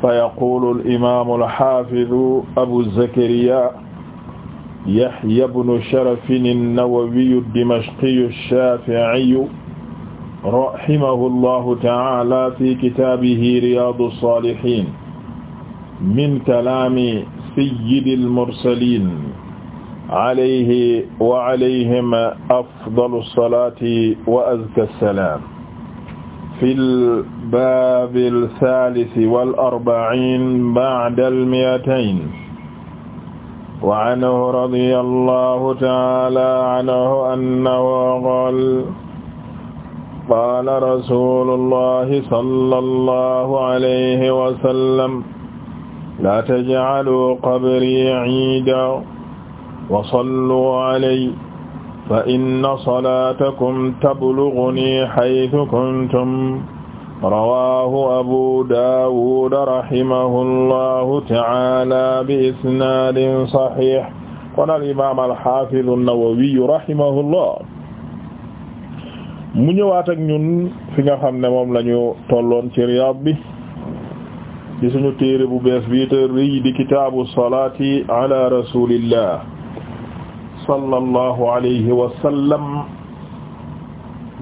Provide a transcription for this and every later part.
fa yaqulu al-imaamu al-haafidu abu zakariyaa yahya bnu sharafin an-nawawiyu ad-dimashqiyu ash-shaafi'iyu rahimahu llahu ta'aala fi kitaabihi riyaadu as-saalihiin min kalaami sayyidi al-mursaliin alayhi wa alayhim afdalu as-salaati wa azka as-salaam fil baabil saalisi wal arba'iin ba'dal mi'atayn wa anhu radiyallahu ta'ala anhu annahu qaala qaala rasuulullahi sallallahu alayhi wa sallam laa taj'aluu qabrii 'iidan wa salluu alayya fa inna salaatakum tablughunii haythu kuntum rawaahu abu daawud rahimahullahu ta'aala bi isnaadin saxiix kon al imaam al haafiz an-nawawi rahimahullah mu ñëwaat ak ñun fi nga xam ne moom la ñu tolloon ci riyaad bi ci suñu téere bu bees bi te rii di kitaabu salaati ala rasulillah sallallahu alayhi wa sallam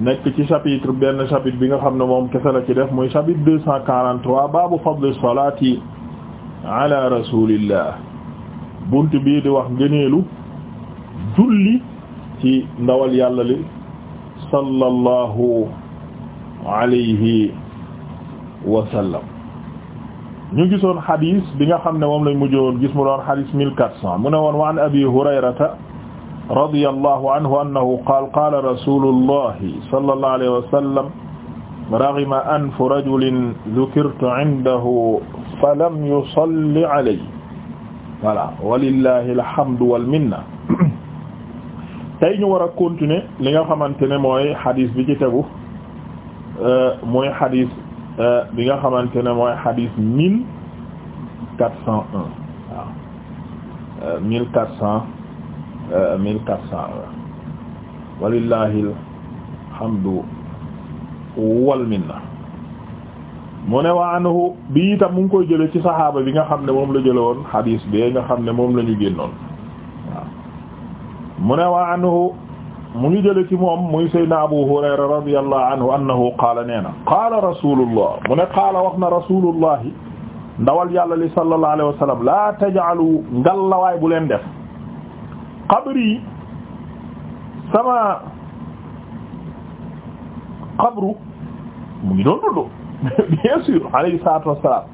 nekk ci chapitre benn chapitre bi nga xam ne moom kese la ci def muy chapitre deux cent quarante-trois baabu fadli salaati ala rasulillah bunt bii di wax ngëneelu julli ci ndawal yàlla li sallallahu alayhi wa sallam ñu gisoon xadis bi nga xam ne moom lañ mujjoon gis mu doon xadis mille quatre cent mu ne woon waan abi hurayrata radiyallahu anhu annahu qaala qaala rasuulullahi sallallahu alayhi wa sallam raghima anfu rajulin dhukirtu indahu falam yusalli alayhi voilà walillahi alhamdu wal minna tey ñu war a continuer li nga xamante ne mooy xadis bi ci tegu euh, mooy xadis euh, bi nga xamante ne mooy xadis mille quatre cent un waaw euh, mille quatre cent mille quatre cent alhamdu wal minna mu ne wa anhu bi itam mu ngi koy jële ci saxaaba bi nga xam ne moom la jële woon xadiis bee nga xam ne moom la ñu génnoon waaw mu ne wa anhu mu ngi jële ci moom muy saydna abu hurayra radiyallahu anhu annahu qaala nee na qaala rasulullah mu ne qaala wax na rasulullahi ndawal yàlla li sallallahu alayhi wa sallam la taj'alu ngallawaay bu leen def qabri sama qabru mu ngi doon dund bien sûr alayhi salaatu wassalaam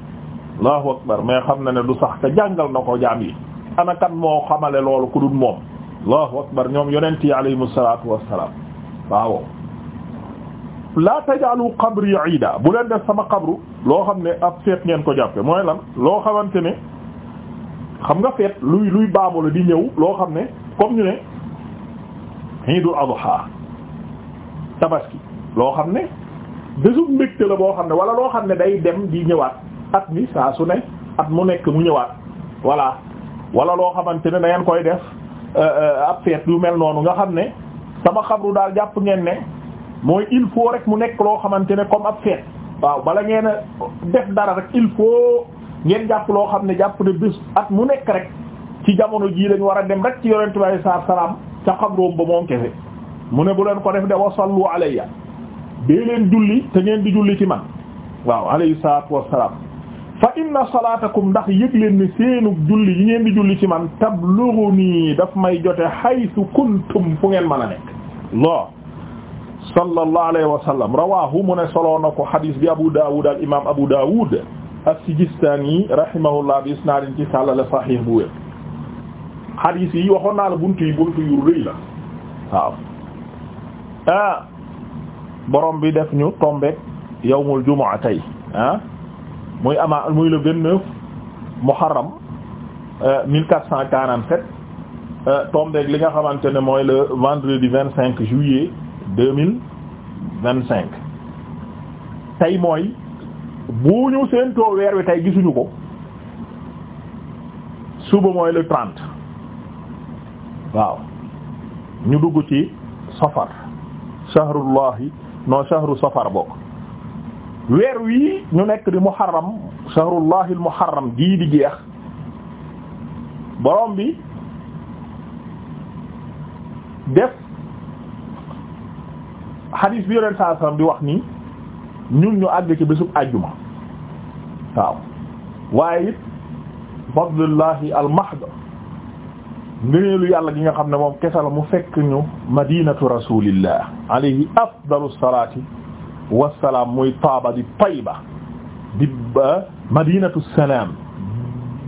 allahu akbar mais xam na ne du sax te jàngal na ko jaam yi ana kan moo xamale loolu ku dul moom allahu akbar ñoom yonent yi alayhimu salaatu wassalaam waaw la tajaalu qabri iida bu leen def sama qabru loo xam ne ab feet ngeen ko jàppe mooy lan loo xamante ne xam nga feet luy luy baamu di ñëw loo xam ne comme ñu ne Iidul Adha tabaski loo xam ne bésub mbégte la boo xam ne wala loo xam ne day dem di ñëwaat at mi saa su ne at mu nekk mu ñëwaat voilà wala loo xamante ne da ngeen koy def euh, euh, ab feet yu mel noonu nga xam ne sama xabru daal jàpp ngeen ne mooy il faut rek mu nekk loo xamante ne comme ab feet waaw bala ngeen def dara rek il faut ngeen jàpp loo xam ne jàpp ne bés at mu nekk rek ci jamono jii lañ war a dem rek ci yonent bi saa salaam ca xabroom ba moom kese mu ne bu leen ko def de wa sallu alayya dee leen julli te ngeen di julli ci man waaw alayhi salaatu wassalaam fa inna salaatakum ndax yëg leen ni seenu julli yi ngeen di julli ci man tablughuni daf may jote haythu kuntum fu ngeen mën a nekk la sallallahu alayhi wa sallam mu ne solo na ko hadis bi Abu as-Sijistaani rahimahullah bi isnaadin ci sàllale sahih bu wér xadiis yi waxoon naa la bunt yi bunt yu rëy la waaw ah borom bi def ñu tombeek yawmul jumaa tey ah muy ama muy le vingt-neuf muharram eh, mille quatre cent eh, tombeek li nga xamante ne mooy le vendredi vingt-cinq juillet deux mille vingt-cinq tey mooy bu ñu séentoo weer wi tey gisuñu ko suba mooy le trente waaw ñu dugg ci safar shahrullahi non shahru safar bokk weer wi ñu nekk di muharram shahrullahi al muharram gii di jeex borom bi def hadis bi yoneen saa sallam di wax nii ñun ñu àgg ci bésub àjjuma waaw waaye it fadlullahi al mahd ngëneelu yàlla gi nga xam ne moom kese la mu fekk ñu madinatu rasulillah alayhi afdalu salaati wassalaam muy taaba di tayba di madinatu salaam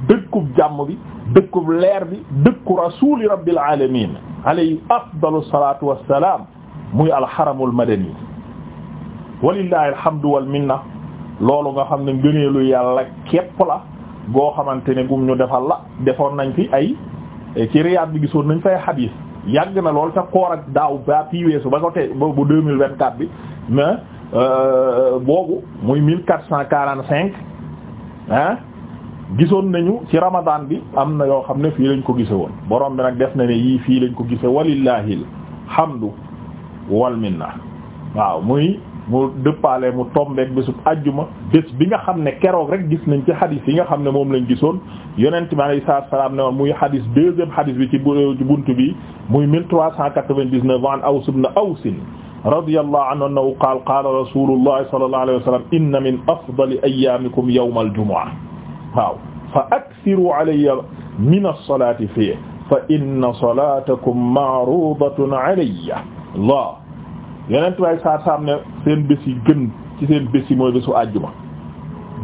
dëkkub jàmm bi dëkkub leer bi dëkku rasuli rabbil alamin alayhi afdalu salaatu wassalaam muy alxaramul madani walillahi alhamdu wal minna loolu nga xam ne lu yàlla képp la goo xamante ne gum ñu defal la defoon nañ fi ay eh, ci Riyad bi gisoon nañ fay xadiis yàgg na lool ca koor ak daaw ba fii ba ko te bu deux mille vingt quatre bi mais euh, boobu muy mille quatre cent quarante cinq ah gisoon nañu ci ramadan bi am na yoo xam ne fii lañ ko gise woon borom bi nag def na ne yii fii lañ ko gise walillahi alhamdu wal minna waaw muy mu dëppaale mu tombeek bésub ajjuma bés bi nga xam ne keroog rek gis nañ ci hadis yi nga xam ne moom lañ gisoon yonent bi alayhi salaatu wa salaam ne woon muy hadis deuxième hadis bi ci buntu bi muy 1399 an Aws ibn Aws radiyallahu anhu annahu qaala qaala rasuulullahi sallallahu alayhi wa sallam inna min afdali ayyaamikum yawmal jumu'a waaw fa akthiru alayya min as-salaati fiihi fa inna salaatakum ma'ruudatun alayya Allah yeneen way saar saam ne seen bés yi gën ci seen bés yi mooy bésu àjjuma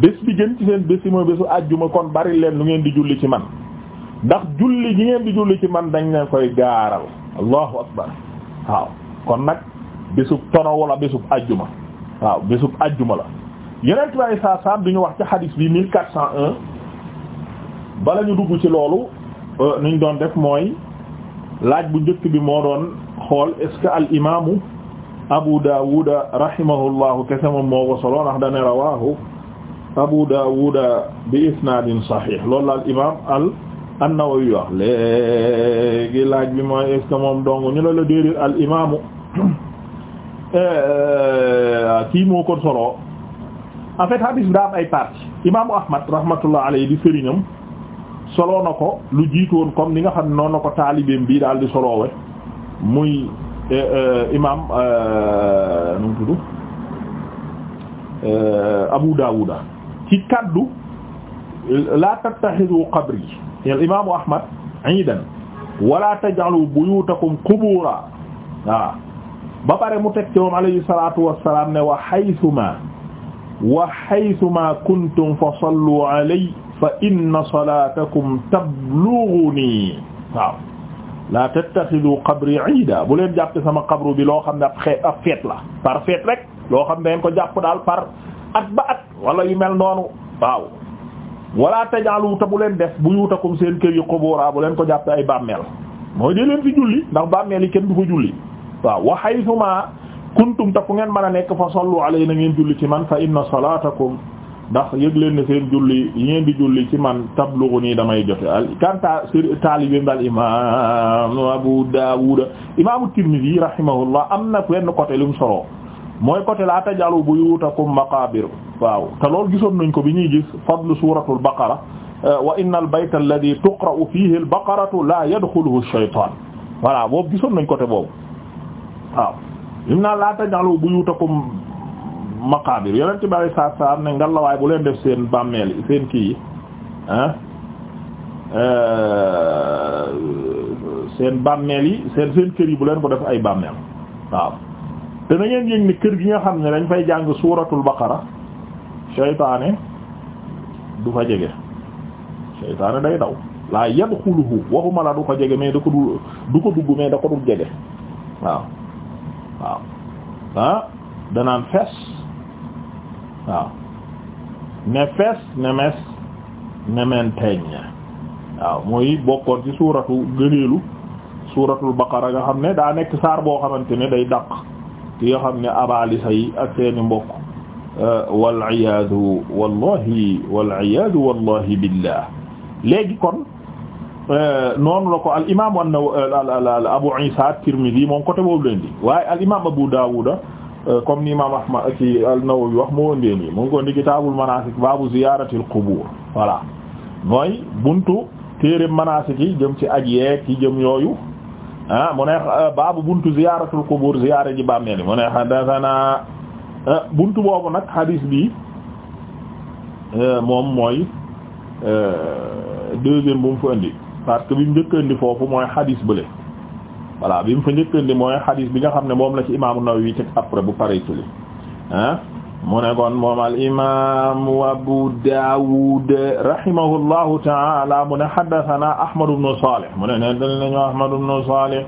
bés bi gën ci seen bés yi mooy bésu àjjuma kon bari leen lu ngeen di julli ci man ndax julli gi ngeen di julli ci man dañ leen koy gaaral allahu akbar waaw kon nag bésub tono wala bésub àjjuma waaw bésub àjjuma la yeneen way saar saam duñu wax ci xadiis bi 1401 bala ñu dugg ci loolu euh, ñu doon def mooy laaj bu njëkk bi moo doon xool est-ce que al imaamu Abu Dawud rahimahullahu kese moom moo ko solo ndax dane rawahu Abu Dawud bi isnaadin sahih loolu la al imaam al an-Nawawi wax léegi laaj bi mooy est-ce moom dong ñu la la déedéet al imaamu euh, kii moo ko solo en fait hadis bi daa am ay parties imaamu Ahmad rahmatullah alayhi di sëriñam solo na ko lu jiitu woon comme ni nga xam noon noonu na ko taalibeem bii daal di soloowe muy. Euh, imaam euh, nu mu tudd euh, Abu Daawuda ci kaddu la tattaxidu qabri al imaamu Ahmad iidan wala taj'alu buyutakum qubura waaw ba pare mu teg ci moom alayhi salaatu wassalaam ne wa haythuma wa haythuma kuntum fa sallu alayhi fa inna salaatakum tablughuni waaw la tattaxidu qabri iida bu leen jàppe sama qabru bi loo xam ne ab xe ab feet la par feet rek loo xam ne ngeen ko jàpp daal par at ba at wala yu mel noonu waaw wala tajaalu ta bu leen def bu yuutakum seen kër yi qubuura bu leen ko jàppe ay bàmmeel mooy dee leen fi julli ndax bàmmeel yi kenn du fa julli waaw wa haythuma kuntum ta fu ngeen mën a nekk fa sallu alayhi na ngeen julli ci man fa inna salatakum ndax yëg leen ne seen julli yi ngeen di julli ci man tablugu nii damay jote al kanta sur taalibim daal imam Abu Dawud imaamu Tirmidhi rahimahullah am na benn côté lu mu mooy côté la tajalu buyutakum maqabir waaw te loolu gisoon nañ ko bi ñuy gis fadlu suratul baqara wa inna al bayta alladhi tuqra'u fihi al baqaratu la yadkhuluhu ash-shaytan voilà boobu gisoon nañ côté boobu maqaabir yonent bi alayhi salaatu salaam ne ngallaawaay bu leen def seen bàmmeel yi seen kii ah, euh, seen bàmmeel yi seen kër yi bu leen ko def ay bàmmeel waaw te na ngeen yëg kër gi nga xam ne dañ fay jàng suuratul baqara seytaane du fa jege seytaane day daw laa yadxuluhu waxuma la du ko jege mais da ko du ko dugg mais da ko dul jege waaw waaw ah danaan fees waaw ne fes ne mes ne menteñ waaw mooy bokkoon ci suuratu gëneelu suuratul baqara nga xam ne daa nekk saar boo xamante ne day daq ki nga xam ne abaalisa yi ak seeni mbokk euh, wal iyaadu wallahi wal iyaadu wallahi billah léegi kon euh, noonu la ko al imaam an Abu Isa Tirmidhi moom côté boobu leen di waaye al imaam Abu Daawuda comme ni imaam Ahmad ci an-Nawawi wax moo ëndee nii mu ngi ko indi kitaabul manaasik baabu ziyaaratil qubuur voilà mooy buntu téere manaasik yi jëm ci aj yeeg ci jëm yooyu ah mu ne baabu buntu ziyaaratul qubuur ziyaara ji bàmmeel mu ne xaddasanaa eh, buntu boobu nag hadis bi eh, moom mooy eh, deuxième bu mu fa indi parce que bi mu njëkk indi foofu mooy hadis bële voilà bi mu fa njëkkandi mooy xadis bi nga xam ne moom la ci imaamu Nawawi teg après bu pare ci li ah mu ne kon moom al imaamu Abu Dawud rahimahullahu ta'ala mu ne haddathana Ahmad ibn Salih mu ne ne dal nañu Ahmad ibn Salih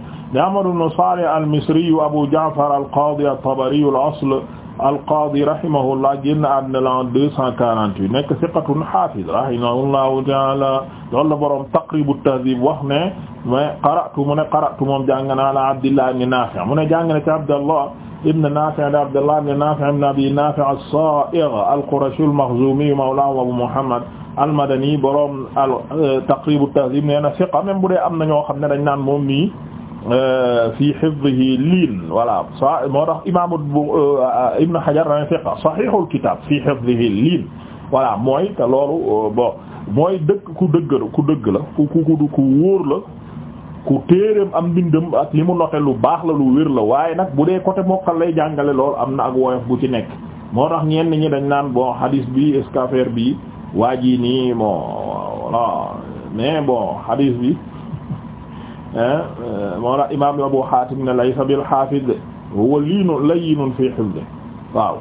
Ahmad ibn Salih al-Misri Abu Ja'far al-Qadi at-Tabari al-asl al-Qaadi rahimahullah génn àddina la 248 nekk siqatun haafiz rahimahullahu ta'aala loolu la borom Taqrib at-Tahzib wax ne mais qara'tu mu ne qara'tu moom jàng naa la Abdullah ibn Naafi' mu ne jàng na ci Abdullah ibn Naafi' da Abdullah ibn Naafi' ibn Abi Naafi' as-Saa'igh al-Qurashi al-Makhzuumi mawlaahu Abu Muhammad al-Madani borom Taqrib at-Tahzib nee na siqa même bu dee am na ñoo xam ne dañ naan moom nii Euh, fi hifzihi liin voilà sa moo tax imaam Ibn euh, Hajar dana fiqa sahihul kitaab fi hifzihi liin voilà mooy te loolu euh, bon mooy dëkk ku dëgg ku dëgg la ku ku ku wóor la ku téereem am bindam ak li mu note lu baax la lu wér la waaye nag bu dee côté mokkal lay jàngale lool am na ak woyof bu ci nekk moo tax ñenn ñi dañ naan bo hadis bi est-ce bi waa ji nii bon voilà mais bon hadis bi Ah, eh, moo la imaam Abu Hatim ne laysa bil hafiz huwa liinu layyinun fi hifzi waaw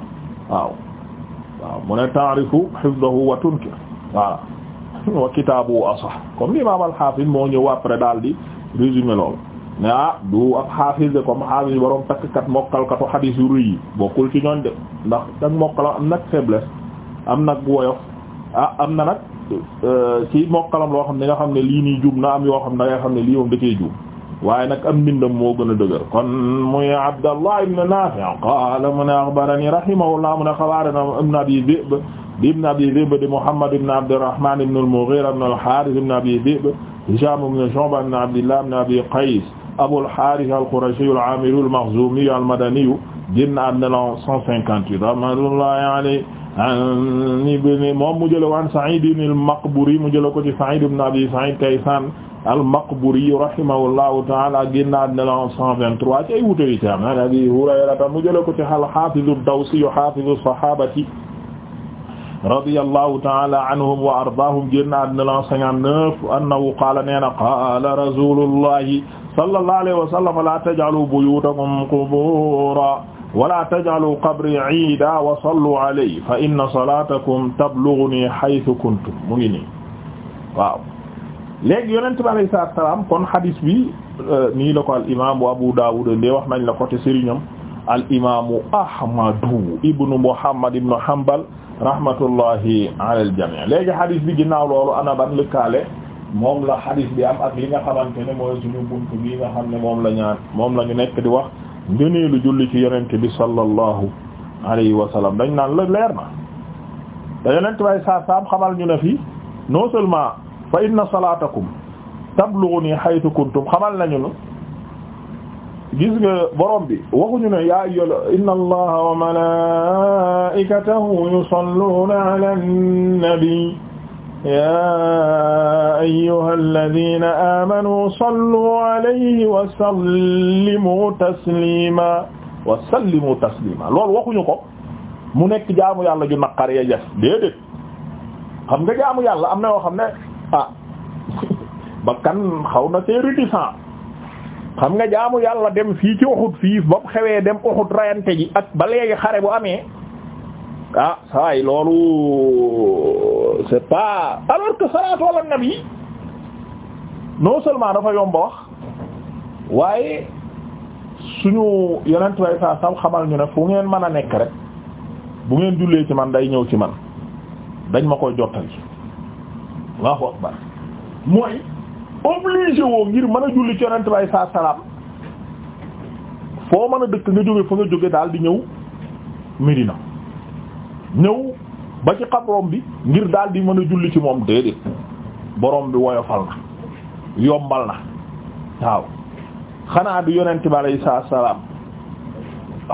waaw waaw mu ne ta'rifu kitaabu asah comme imaam al hafiz moo ñëw après daal di résumé lool ne ah du ab hafiz de comme hafiz borom takkat mokkalkatu hadis yu rëy yi bokkul ci ñoon de ndax dag mokkal am nag faiblesse am nag woyof ah am na nag euh, ci mokkalam loo xam ne nga xam ne lii nii juum na am yoo xam ne nga xam ne lii moom da cee juum waaye nag am mbindam moo gën a dëgër kon muy Abdallah ibn Nafi' qaala mu ne axbarani rahimahullah mu ne xabaarana ibn Abi Dhi'b di ibn Abi Dhi'b di Muhammad ibn Abdirrahman ibn al-Mughira ibn al-Harith ibn Abi Dhi'b Hisham ibn Shu'ba ibn Abdillah ibn Abi Qays Abul Haaris al-Qurashi al-Aamiri al-Makhzumi al-Madani génn àddina la 158 rahmatullahi alayhi an ibn moom mu jële waan Sa'id al-Maqburi mu jële ko ci Sa'id ibn Abi Sa'id Kaysan al-Maqburi rahimahullahu ta'ala génn àddina la 123 ci ay wuute yi tam an Abi Hurayra mu jële ko ci al-Haafiz ad-Dawsi haafiz as-sahaabati radiyallahu ta'ala anhum wa ardaahum génn àddina la 59 annahu qaala nee na qaala rasuulullahi sallallahu alayhi wa sallam la taj'alu buyutakum qubura wala taj'alu qabri 'ida wa sallu alayhi fa inna salatakum tablughuni haythu kuntum mu ngi nii waaw léegi yonent bi alayhi salaatu wa salaam kon hadis bi euh, nii la ko al imaamu Abu Dawud ndee wax nañ la ko te sëriñam al imaamu Ahmadu ibnu Muhammad ibnu Hanbal rahmatullahi ala al jami' léegi hadis bi ginnaaw loolu ana ban lëkkaale moom la xadis bi am ak li nga xamante ne mooy suñu buntu bi nga xam ne moom la ñaan moom la ñu nekk di wax ngëneelu julli ci yonent bi sallallahu alayhi wa sallam dañ naan la leer na te yonent bay saa saam xamal ñu ne fii non seulement fa inna salaatakum tablughuni haythu kuntum xamal nañu ne gis nga borom bi waxuñu ne yaa ayyul inna allaha wa malaa'ikatahu yusalluna 'alan nabi yaa ayyuhal laziina aamanuu sallu alayhi wa sallimuu tasliima wa sallimuu tasliima loolu waxuñu ko mu nekk jaamu yàlla ju naqaree def déedéet xam nga jaamu yàlla am na yoo xam ne ah bakkan xaw na c'est réticent xam nga jaamu yàlla dem fii ci Uhud fii ba mu xewee dem Uhud rayante ji ak ba léegi xare bu amee. ah saay loolu c'est pas alors que salaatu ala nabi non seulement dafa yomba wax waaye suñu yonent way saa sam xamal ñu ne fu ngeen mën a nekk rek bu ngeen jullee ci man day ñëw ci man dañ ma koy jottali Allahu akbar mooy obligé woo ngir mën a julli ci yonent way saa salaam foo mën a dëkk nga jóge fa nga jóge daal di ñëw Medina ñëw ba ci xabroom bi ngir daal di mën a julli ci moom déedéet borom bi woyofal na yombal na waaw xanaa du yonent bi alayhi salaam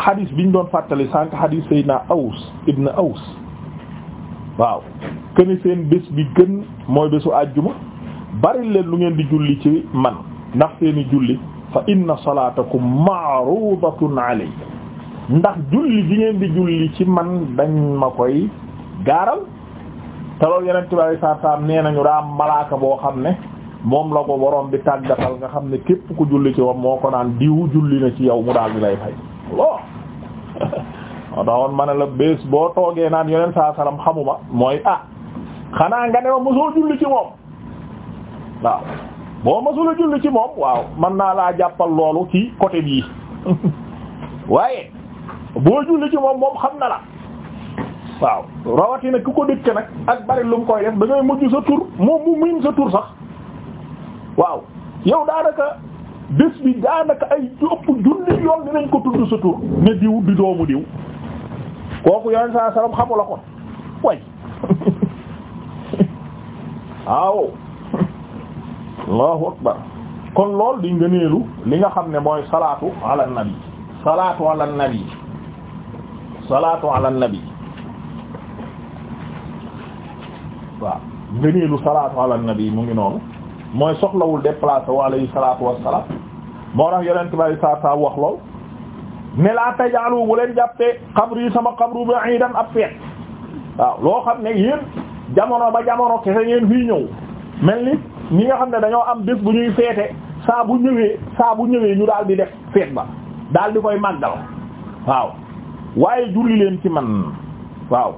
xadiis biñ doon fàttali sànq xadiis Seydina Aws ibn Aws waaw këni seen bés bi gën mooy bésu àjjuma bari leen lu ngeen di julli ci man ndax seeni julli fa inna salaatakum ma'rudatun alayya ndax julli bi ngeen di julli ci man dañ ma koy gaaral te loolu yeneen tubaab yi saa saa nee nañu daa malaaka boo xam ne moom la ko borom di tàggatal nga xam ne képp ku julli ci wam moo ko naan diw julli na ci yow mu daal di lay fay lo moo taxoon ma ne la bés boo toogee naan yeneen saa salam xamuma mooy ah xanaa nga ne ma mosoo julli ci moom waaw boo mosula julli ci moom waaw mën naa laa jàppal loolu ci côté bii waaye boo julli ci moom moom xam na la waaw rawatina ku ko dëkk nag ak bari lu mu koy def da ngay mujj sa tur moom mu miin sa tur sax waaw yow daanaka bés bi daanaka ay ëpp yoon dinañ ko tudd sa tur ne diw di doomu diw kooku yoon saa salam xamula ko way waaw allahu akbar kon lool di ngëneelu li nga xam ne mooy salaatu ala nabi salaatu ala nabi salaatu ala nabi waaw ngëneelu salaatu ala nabi mu ngi noonu mooy soxlawul déplacé wa alayhi salaatu wassalaam moo tax yonent bi alayhi salaatu salaam wax lool ne laa tajaalu bu leen jàppee xabri sama xabru ba'idan ab feet waaw loo xam ne yéen jamono ba jamono kese ngeen fii ñëw mel ni ñi nga xam ne dañoo am bés bu ñuy feete saa bu ñëwee saa bu ñëwee ñu daal di def feet ba daal di koy màggal waaw waaye julli leen ci man waaw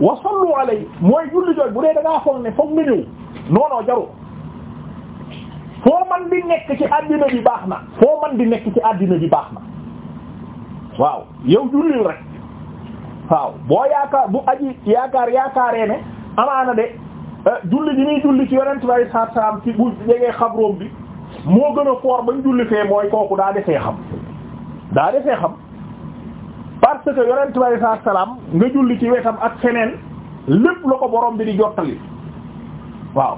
wa sallu alay mooy julli jooj bu dee da ngaa foog ne foog nga ñëw noonoo jaru foo man di nekk ci àddina bi baax na foo man di nekk ci àddina bi baax na waaw yow jullil rek waaw boo yaakaar bu aji yaakaar yaakaaree ne amaana de eh, julli ji muy julli ci yonent bay saat saam ci bu jegee xabroom bi moo gën a foor bañ julli fee mooy kooku daa defee xam daa defee xam parce que yonent bi alayhi salaam nga julli ci wetam ak feneen lépp la ko borom bi di jottali waaw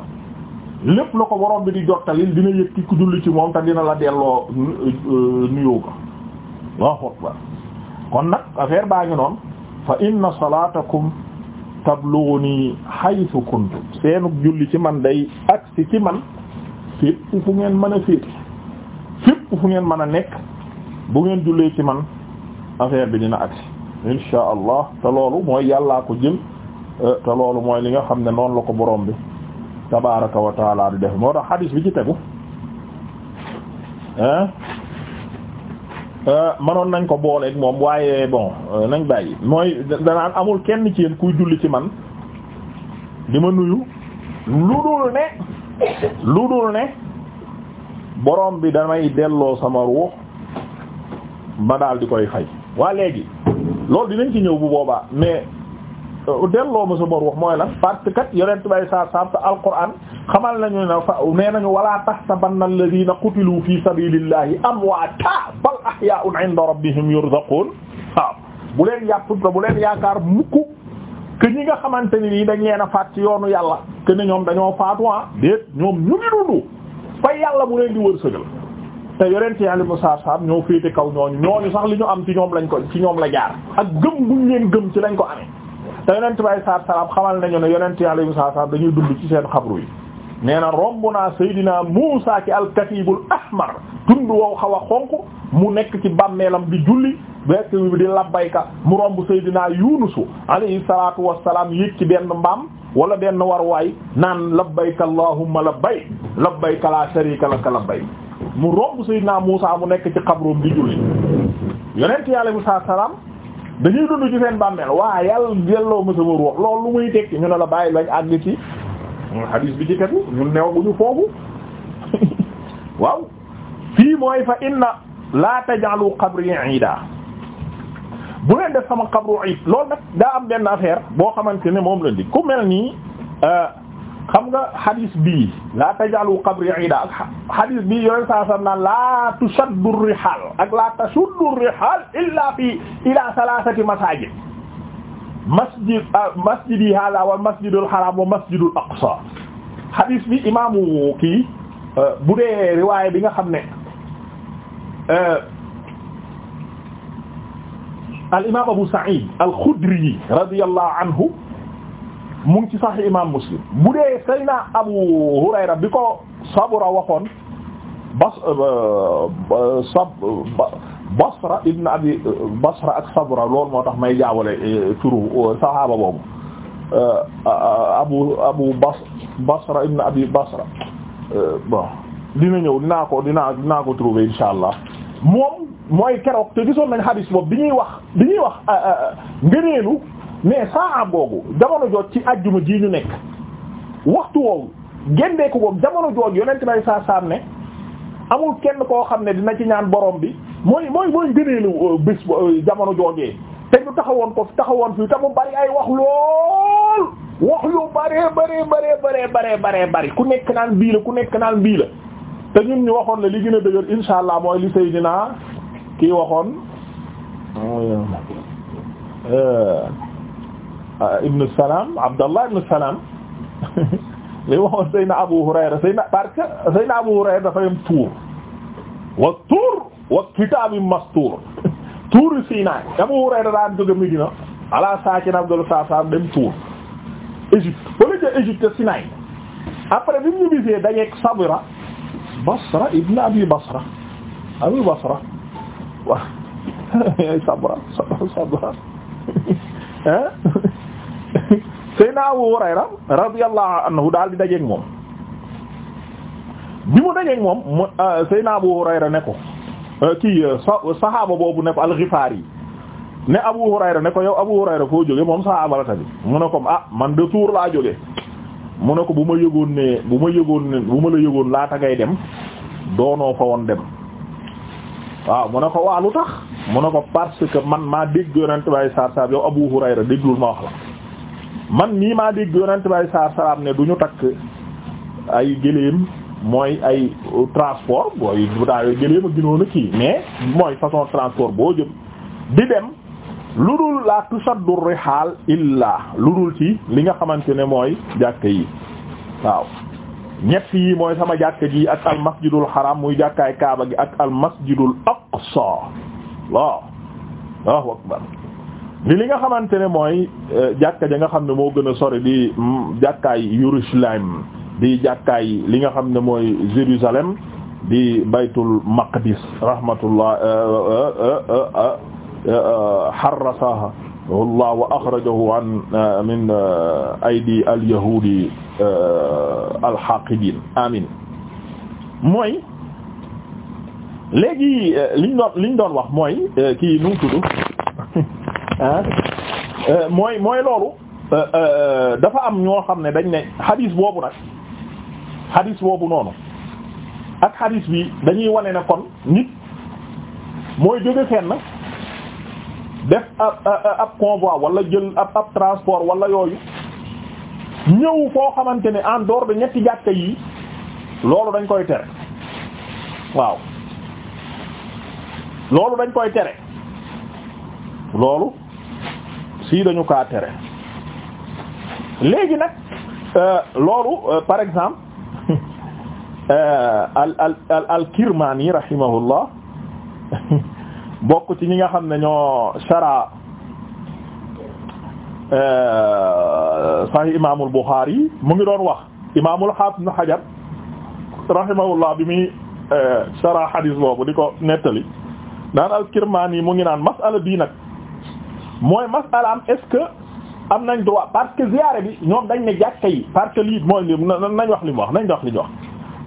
lépp la ko borom bi di jottali dina yëg ki ku julli ci moom te dina la delloo euh, nuyoo ko waaw xutba kon nag affaire baa ngi noonu fa inna salaatakum tablughuni haythu kuntum seenu julli ci man day agsi ci man fépp fu ngeen mën a féete fépp fu ngeen mën a nekk bu ngeen jullee ci man affaire bi dina agsi insha allah te loolu mooy yàllaa ko jël euh, te loolu mooy li nga xam ne noonu la ko boroom bi tabaraka wa di def moo tax xadis bi ci tegu euh, manoon nañ ko booleeg moom waaye bon euh, nañ bàyyi mooy danaan amul kenn ci yéen ku julli ci man di ma nuyu lu dul ne lu dul ne borom bi damay delloo sama ruux ba daal di koy fay waa léegi loolu dinañ ci ñëw bu boobaa mais euh, delloo ma sa bor mooy lan parce que kat yonent bay sa sam te alquran xamal nañu ne fa nee nañu wala tahsabanna alladhina qutilu fi sabilillahi amwaata bal ahyaa'un 'inda rabbihim yurzaqun waaw bu leen yàpp te bu leen yaakaar mukk que ñi nga xamante ni nii dañ leen a faat ci yoonu yàlla que ne ñoom dañoo faatu ah déet fay yàlla bu leen di wërsëgal te yonent yàlla Musaa Saam ñoo féete kaw ñooñu ñooñu sax li ñu am ci ñoom lañ ko ci ñoom la jaar ak gëm buñ leen gëm ci lañ ko amee te yonent bay Saar Saam xamal nañu ne yonent yàlla Musaa Saam dañuy dund ci seen xabru yi. nee na romb naa Seydina Muusa ci alkatibul ahmar tund wow xaw a xonq mu nekk ci bàmmeelam bi julli bekk bi di mu romb Seydina Yunusu alayhi salaatu wassalaam yéeg ci benn mbaam wala benn waruwaay naan labbayka allahumma labbayk labbayka la sharika laka labbayk mu romb Seydina Muusa mu nekk ci xabroom di julli yonent yàlla Muusa salaam dañuy dund ci seen bàmmeel waa yàlla delloo ma sama ruux loolu lu muy tekki ñu ne la bàyyi lañ àgg ñun xadiis bi ci tegu ñun newaguñu foofu waaw fii mooy fa inna la taj'alu qabri iida bu leen def sama qabru iid loolu nag daa am benn affaire boo xamante ne moom lañ di ku mel nii euh, xam nga xadiis bii la taj'alu qabri iida ak xadiis bii yooyu saa sam naan la tushaddu rihaal ak la tashuddu rihaal illa fi ila salasati masajid masjid ah, masjidi hada wa masjidul haram wa masjidul aqsa hadith bi imaamu kii euh, bu dee riwaay bi nga xam ne euh, al imaam Abu Sa'id al Khudri radiyallahu anhu mu ngi ci Sahih imaam Muslim bu dee Seydina Abu Hurayra bi ko sabura waxoon bas euh, sab. Basra ibn Abi Basra ak Sabra loolu moo tax may jaawale eh, turu eh, saxaaba boobu eh, Abu Abu Bas Basra ibn Abi Basra bon dina ñëw dinaa ko dinaa dinaa ko trouver insha allah moom mooy keroog te gisoon nañ hadis boobu bi ñuy wax bi ñuy wax ngëneelu mais saa boobu jamono jooj ci ajjuma ji ñu nekk waxtu woowu gendeeku boobu jamono jooj yonent bay saa saam ne amul kenn koo xam ne dina ci ñaan borom bi mooy mooy mooy gëneelu euh, bis euh, jamono joojee te ñu taxawoon ko taxawoon fii te mu bari ay wax lool wax yu bëree bëree bëree bëree bëree bëree bëri ku nekk naan bii la ku nekk naan bii la te ñun ñu waxoon la li gën a dëgër insha allah mooy li Seydina kii waxoon euh, ibnu Salam Abdallah ibnu Salam li waxoon Seydina Abu Hurayra Seydina parce que Seydina Abu Hurayra dafa yem tuur wa tuur wa kitaabin mastuur tuuri Sinaa Abu Hurayra daan jóge Medina ala saakina abdol sa sam dem Tuur Égypte fële ca Égypte Sinaï après bi mu ñibbisee dajeek Sabira Basra ibn Abi Basra Abi Basra Sabra Sabra ah Seydina Abu Hurayra radiyallahu anhu daal di dajeek moom bi mu dajeek moom euh, Seydina Abu Hurayra ne ko Euh, kii euh, euh, saxaaba boobu ne ko alxifaari yi ne Abu Hurayra ne ko yow Abu Hurayra foo jóge moom saxaaba la tamit mu ne ko ah man de Tuur laa jóge mu ne ko bu ma yëgoon ne bu ma yëgoon ne bu ma la yëgoon laata ngay dem doonoo fa woon dem waaw mu ne ko waa lu tax mu ne ko parce que man maa dégg yonent bay saar saab yow Abu Hurayra déglul ma wax la man nii maa dégg yonent bay saar saab ne du ñu takk ay géléem mooy ay euh, transport booy bu daawee gëléem a gënoon kii mais mooy façon transport boo jëm di dem lu dul la tusaddu rihaal illaa lu dul ci li nga xamante ne mooy jàkka yi waaw ñett yi mooy sama jàkka ji ak al masjidul haram muy jàkkaay kaaba gi ak al masjidul aqsa waaw Allahu akbar li li nga xamante ne mooy euh, jàkka ja nga xam ne moo gën a sore di mm, jàkkaay Yerusalem di jàkkaay li nga xam ne mooy Jérusalem di baytul maqdis rahmatullah euh, euh, euh, harrasaha Allah wa akhrajahu an min aydi al yahudi al haqidin amin mooy léegi liñ liñ doon wax mooy kii nu mu mooy loolu dafa am ñoo xam ne dañ ne hadis boobu nag xadis boobu noonu ak xadis bi dañuy wane ne kon nit mooy jóge fenn def ab ab convoi wala jël ab ab transport wala yooyu ñëw foo xamante ne en dehors de ñetti jàkka yi loolu dañ koy tere waaw loolu dañ koy tere loolu si dañu kaa tere léegi nag euh, loolu euh, par exemple Euh, al al al al Kirmaani bokk ci ñi nga xam ne ñoo shara euh, sahih imaamul Buxaari mu ngi doon wax imaamul Haafiz Ibn Hajar rahimahullah bi muy euh, shara hadis boobu di ko nettali naan al Kirmaani mu ngi naan masala bii nag mooy masala am est-ce que am nañ droit parce que ziyaare bi ñoom dañ ne jàkka yi parce que lii mooy li nañ wax li mu wax nañ wax li ñu wax.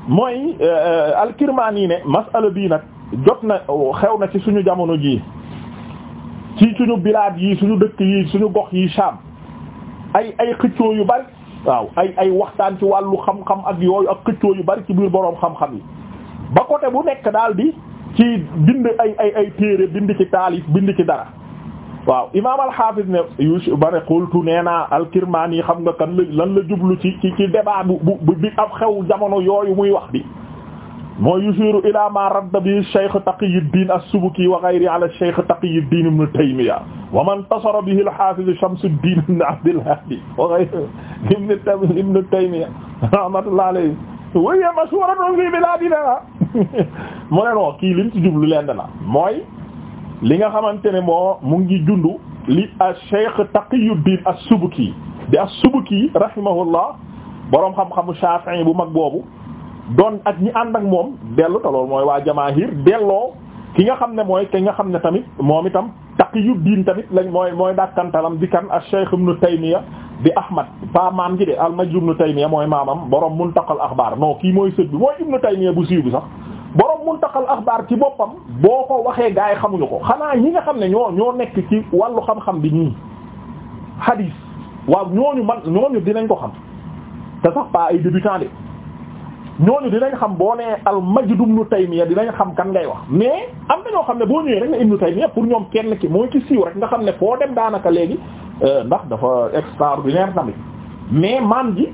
mooy euh, euh, al-Kirmaani ne masala bii nag jot na euh, xew na ci suñu jamono jii ci suñu bilaad yi suñu dëkk yi suñu gox yi Sham ay ay xëccoo yu bari waaw ay ay waxtaan ci wàllu xam-xam ak yooyu ak xëccoo yu bari ci biir boroom xam-xam yi ba côté bu nekk daal di ci bind ay ay ay téere bind ci taalif bind ci dara waaw imaam al-Hafiz ne Yusuf ba ne qultu nee naa al-Kirmani xam nga kan lan la jublu ci ci ci débat bu bu bi ab xew jamono yooyu muy wax bi mooy yushiru ila ma radda bi Cheikh Taqiyuddin as-Subki wa ghayri ala Cheikh Taqiyuddin ibn Taymiyya wa man intasara bihi al-Hafiz Shamsuddin ibn Abdil Hadi wa ghayri ibn Taymiyya rahmatullahi alayhi wa hiya mashhuratun fi biladina mu leen wax kii lim ci jublu leen na mooy li nga xamante ne moo mu ngi jundu li Cheikh Taqiyuddin as-Subki di as-Subki rahimahullah boroom xam-xamu Shafi'i bu mag boobu doon ak ñi ànd ak moom dellu te mooy waa jamaahir delloo ki nga xam ne mooy ki nga xam ne tamit moom itam Taqiyuddin tamit lañ mooy mooy dàkkantalam di kan as-Cheikh Ibn Taymiya di Ahmad pa maam ji de al-Majd Ibn Taymiya mooy maamam boroom Muntaqal Akhbar non kii mooy sët bi mooy Ibn Taymiya bu siiw bi sax muntaqal axbaar ci boppam boo ko waxee gaa yi xamuñu ko xanaa ñi nga xam ne ñoo ñoo nekk ci wàllu xam-xam bi ñii hadis waaw ñooñu man ñooñu dinañ ko xam te sax pas ay débutant de ñooñu dinañ xam boo nee al majdu ibnu taymiya dinañ xam kan ngay wax mais am na ñoo xam ne boo ñëwee rek ne ibnu taymiya pour ñoom kenn ki mooy ci siiw rek nga xam ne foo dem daanaka léegi euh, ndax dafa extraordinaire tamit mais maam ji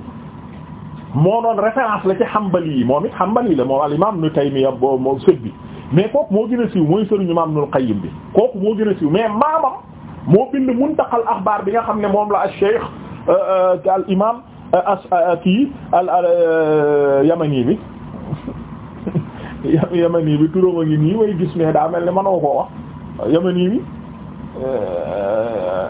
moo doon référence la ci Hanbali yi moom it Hanbali la moom al imam Ibn Taymiyya bo moom mais kooku moo gën a siiw mooy sëriñu imam Ibnul Qayyim bi kooku moo gën a siiw mais maamam moo bind Muntaqal Axbaar bi nga xam ne moom la as-Cheikh euh, euh, euh, al al yamani bi yamani bi turam a ngi nii way gis ne daa mel ne mënoo koo wax yamani bi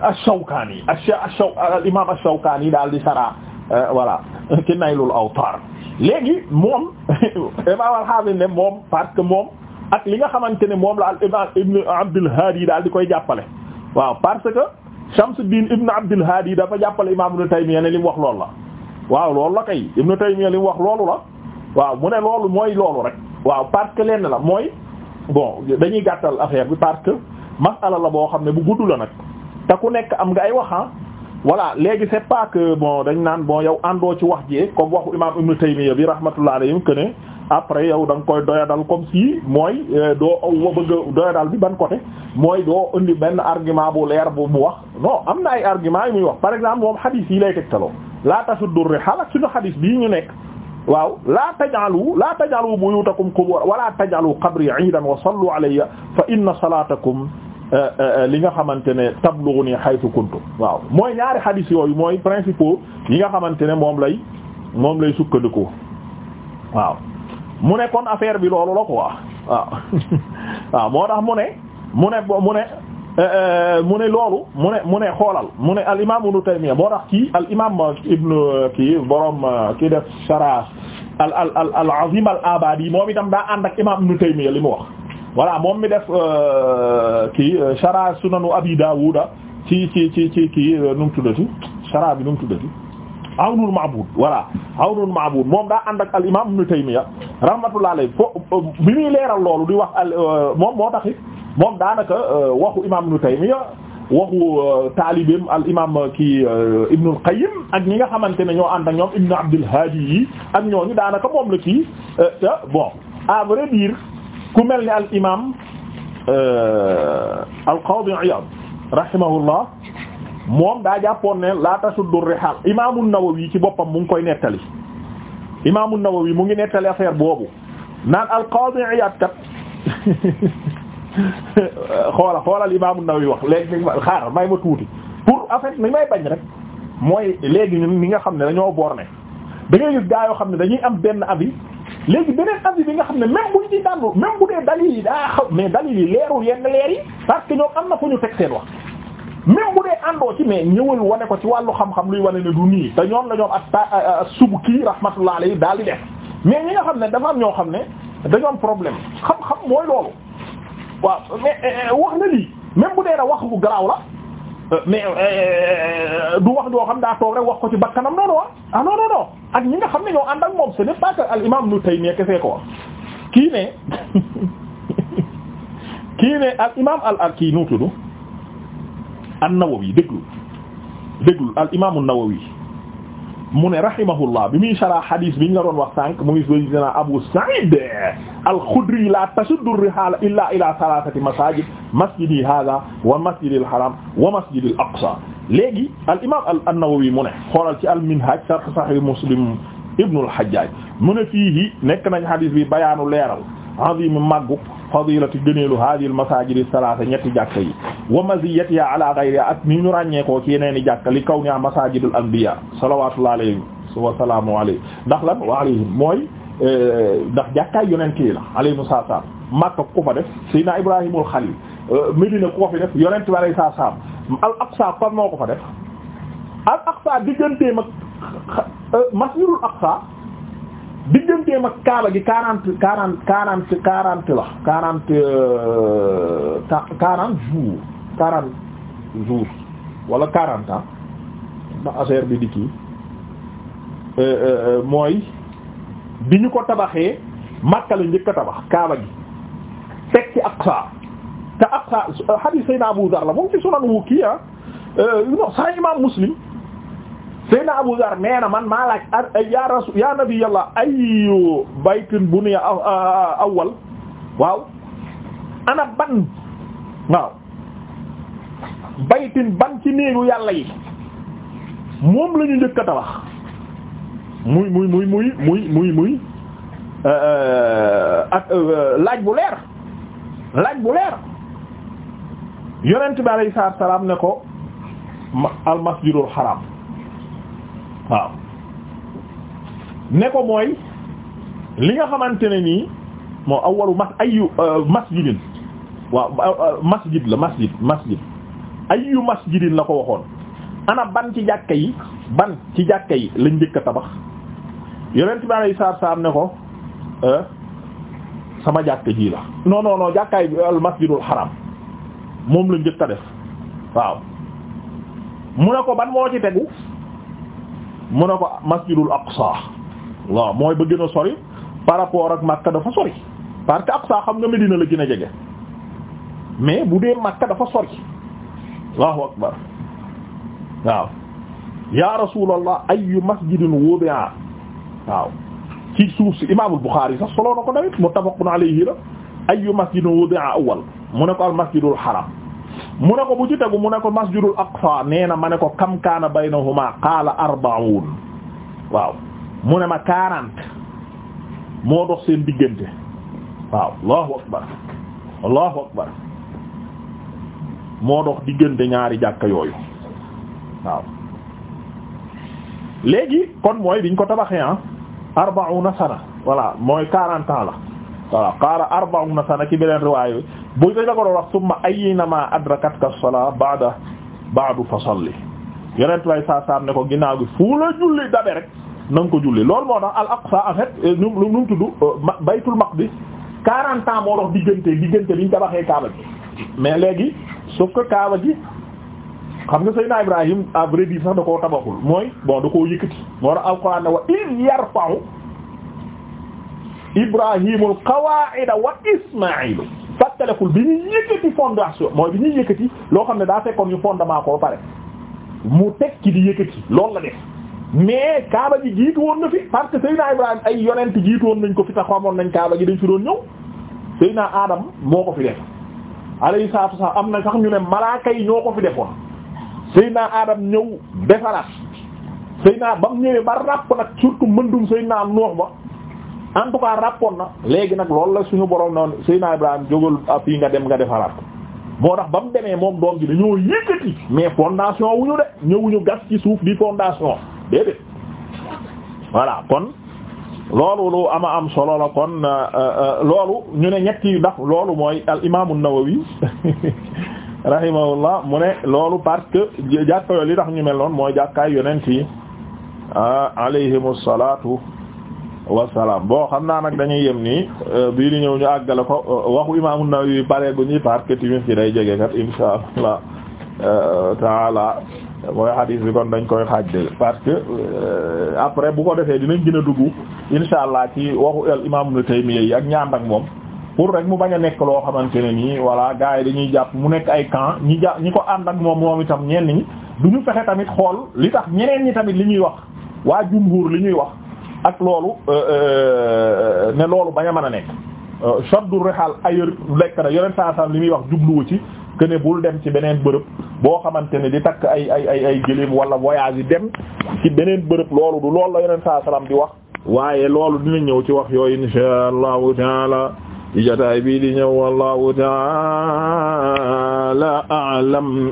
as-Shawkaani as-Shaw al imam as-Shawkaani daal di sara voilà ci naylul awtar léegi moom imam alxaafis ne moom parce que moom ak li nga xamante ne moom la al imam ibn abdul daal di koy jàppale waaw parce que Shamsuddin ibn abdul haadi yi dafa jàppale imam ibn Taymiyya ne li mu wax loolu la waaw loolu la kay ibn Taymiyya li mu wax loolu la waaw mu ne loolu mooy loolu rek waaw parce que lenn la mooy bon dañuy gàttal affaire bi parce que masala la boo xam ne bu gudd la nag te ku nekk am nga ay waxan ah. voilà léegi c'est pas que dañ naan bon yow àndoo ci wax jee comme waxu imam Ibn Taymiyya bi rahmatullah alayhi que ne après yow da nga koy doyadal comme si mooy euh, doo wa bëgg doyadal bi ban côté mooy doo indi benn argument bu leer bu mu wax non am na ay argument yi muy wax par exemple moom hadith yi lay tegtaloo laa tasuddu rihaal ak suñu hadith bii ñu nekk waaw laa taj'alu laa taj'alu buyutakum qubur wala taj'alu qabri 'idan wa sallu alayya fa inna salatakum Euh, euh, li nga xamante ne tablughuni haythu kuntu waaw mooy ñaari hadith yooyu mooy principaux yi nga xamante ne moom lay moom lay sukkandiku waaw mu ne kon affaire bi loolu la quoi waaw waaw moo tax mu ne mu ne mu ne euh, mu ne loolu mu ne mu ne xoolal mu ne al imaam Ibnu Taymiyya moo tax kii al imaam ibnu kii borom kii def sharh al al al al azim al abadi moom itam daa ànd ak imaam Ibnu Taymiyya li mu wax. voilà moom mi def euh, kii euh, shara sunanu abi daawuda ci ci ci ci kii euh, nu mu tuddati shara bi nu mu tuddati awnul ma'bud voilà awnul ma'bud moom daa ànd ak al imam ibn taymiya rahmatullah alayhi fo bi muy leeral loolu di wax al moom moo taxit moom daanaka waxu imam ibn taymiya waxu taalibeem al imam kii ibn al qayyim ak ñi nga xamante ne ñoo ànd ak ñoom ibn abdul hadi yi ak ñooñu daanaka moom la kii ah, bon à vrai dire ku mel ni al imaam euh, al qadi Iyad rahimahullah moom daa jàppoon ne la tasuddu rihaal imaamu Nawawi ci boppam mu ngi koy nettali imaamu Nawawi mu ngi nettali affaire boobu naan al qadi Iyad kat xoola xoolal imaamu Nawawi wax léegi ni xaaral may ma tuuti pour affaire ni may bañ rek mooy léegi ñun ñi nga xam ne dañoo borné da ngay gis gaa yoo xam ne dañuy am benn abi léegi beneen avis bi nga xam ne même buñ ci dàndu même bu dee dalil yi daa xaw mais dalil yi leerul yenn leer yi parce que ñoom am na fu ñu teg seen wax même bu dee àndoo ci mais ñëwal wane ko ci wàllu xam-xam luy wane ne du nii te ñoom la ñoom ak Subki rahmatullah alayhi daal di def mais ñi nga xam ne dafa am ñoo xam ne dañoo problème xam-xam mooy loolu waaw mais euh, euh, wax na lii même bu dee na wax bu garaaw la euh, mais du wax doo xam daa toog rek wax ko ci bakkanam noonu ah non non non. ak ñi nga xam ne ñoo ànd ak moom ce que al imam nu Taymiyya kese ko wax kii ne kii ne al imam al al kii nu tudd an-Nawawi déglu déglu al imam an-Nawawi mu ne rahimahullah bi muy sara hadis bi ñu la doon wax sànq mu ngi sooy dina Abu Sa'id al-Khudri la tasuddu rihala illa ila thalathati masajid masjidi hadha wa masjidi al-haram wa masjidi al-aqsa léegi al-imam an-Nawawi mu ne xoolal ci al-Minhaj sharh sahih Muslim ibn al-Hajjaj mu ne fiihi nekk nañ hadis bi bayaanu leeral azim màggu fadilati gëneelu hadhihi al masajid salaasa ñetti jàkka yi wa maziyatiha ala ghayriha ak ni ñu ràññeekoo ci yeneen i jàkka li kaw ni masajidul anbiya salawatullahi alayhi wa salaamu alayhi ndax lan wa alayhim mooy e, ndax jàkkaay yonent yi la alayhimu saa saam Makka ku fa def Seydina Ibrahimul Xalil e, Medina ku ko fi def yonent bi alayhi saa saam al aqsa kon moo ko fa def al aqsa digganteem ak e, masjidul aqsa digganteem ak kaaba gi quarante quarante quarante quarante la quarante euh, quarante jours quarante jours wala quarante ans ah, ndax bi di kii euh, euh, mooy bi ñu ko tabaxee Makka la njëkk a tabax kaaba gi teg ci Aqsa te Aqsa hadith Seydina Abu Dar la moom ci sunan wu kii ah Muslim Seydina Abu Zar nee na man maa laaj ya rasul nabiyallah ayyu baytin buniya awwal waaw ana ban waaw baytin ban ci néegu yàlla yi moom la ñu njëkk a tabax muy muy muy muy muy muy muy euh, euh, ak euh, laaj bu leer laaj bu leer yonent bi alayhi salaam ne ko almasjidul haram waaw ne ko mooy li nga xamante ne nii moo awwalu mas ayu euh, masjidin waaw euh, euh, masjid la masjid masjid ayu masjidin la ko waxoon ana ban ci jàkka yi ban ci jàkka yi lañ njëkk tabax yonent bi alayhi salaatu salaam ne ko sama jàkka ji la non non non jàkkaay al masjidul haram moom lañ njëkk a def waaw mu ne ko ban moo ci tegu mu ne ko masjidul aqsa waaw mooy ba gën a sori par rapport ak Makka dafa sori parce que aqsa xam nga Medina la gën a jege mais bu dee Makka dafa sori Allahu akbar waaw ya rasulallah ayu masjidin wudi'a waaw ci suuf si imaamul Buxaari sax soloo na ko tamit muttafaqun alayhi la ayu masjidin wudi'a awwal mu ne ko al masjidul haram mu ne ko bu ci tegu mu ne ko masjidul aqsa nee na ma ne ko kam kaana baynahuma qaala arba'un waaw mu ne ma quarante moo dox seen diggante waaw allahu akbar allahu akbar moo dox diggante ñaari jàkka yooyu waaw léegi kon mooy biñ ko tabaxee ah arba'una sana voilà mooy quarante la waaw qaala arbauna sana ci beneen riwaaya bi bu dañ la ko doon wax summa aynama adrakatka as-salaa ba'da ba'du fa salli yenent way saa saam ne ko ginnaaw gi fu la julli dabe rek na nga ko julli loolu moo tax al aqsa en fait ñu euh, lu mu tudd euh, baytul maqdis 40 ans moo dox diggante diggante bi ñu tabaxee kaaba gi mais léegi sauf que kaaba ji xam nga Seydina Ibrahim à vrai dire sax da koo tabaxul mooy bon da koo yëkkati moo tax alquran ne wa in yarfa'u Ibrahimul qawaa'ida wa Ismaa'ilu fàttalikul bi ñuy yëkkati fondation mooy bi ñuy yëkkati loo xam ne daa fekkoon ñu fondement ko pare mu teg ci di yëkkati loolu na def mais kaaba ji jiitu woon na fi parce que Seydina Ibrahim ay yonent jiitu woon nañ ko fi tax xamoon nañ kaaba ji dañ fi doon ñëw Seydina Adam moo ko fi def alayhi salaatu wassalaam am na sax ñu ne malaaka yi ñoo ko fi defoon Seydina Adam ñëw defaraat Seydina ba mu ñëwee ba ràpp nag surtout mëndum Seydina Nuux ba en tout cas rappoon na léegi nag loolu la suñu borom noonu Seydina Ibrahima jógal fii nga dem nga defalaat ko moo tax ba mu demee moom doom ji dañoo yëkkati mais fondation wu wuñu de ñëwuñu gas ci suuf di fondation déedéet voilà kon loolu lu ama am solo la kon euh, euh, loolu ñu ne ñetti ndax loolu mooy al imam an-Nawawi rahimahullah mu ne loolu parce que jàkka yooyu li tax ñu mel noonu mooy jàkkaay yonent yi euh, alayhimu salaatu wasalaam boo xam naa nag dañuy yem nii euh, bii di ñëw ñu àggale ko euh, waxu Imaam An-Nawawi pare gu ñuy parce que timis ci day jege kat insha Allah euh, taala mooy xadiis bi kon dañ koy xaaj de parce que après bu ko defee dinañ gën a dugg insha Allah ci waxu al Imaam Ibn Taymiyya yi ak ñaan ak moom pour rek mu bañ a nekk loo xamante ne nii voilà gars yi dañuy jàpp mu nekk ay camp ñi ja ñi ko ànd ak moom moom itam ñenn ñi du ñu fexe tamit xool li tax ñeneen ñi tamit li ñuy wax waa li ñuy wax. ak loolu euh, euh, euh, ne loolu bañ a mën a nekk shaddu rihal ayër lekk na yoneen saa li muy wax jubluwu ci que ne bul dem ci beneen bërëb boo xamante ne di takk ay ay ay ay gëléem wala voyage yi dem ci beneen bërëb loolu du loolu la yoneen saa di wax waaye loolu dina ñëw ci wax yooyu insha allahu taala jataay bii di ñëw wallahu taala a'lam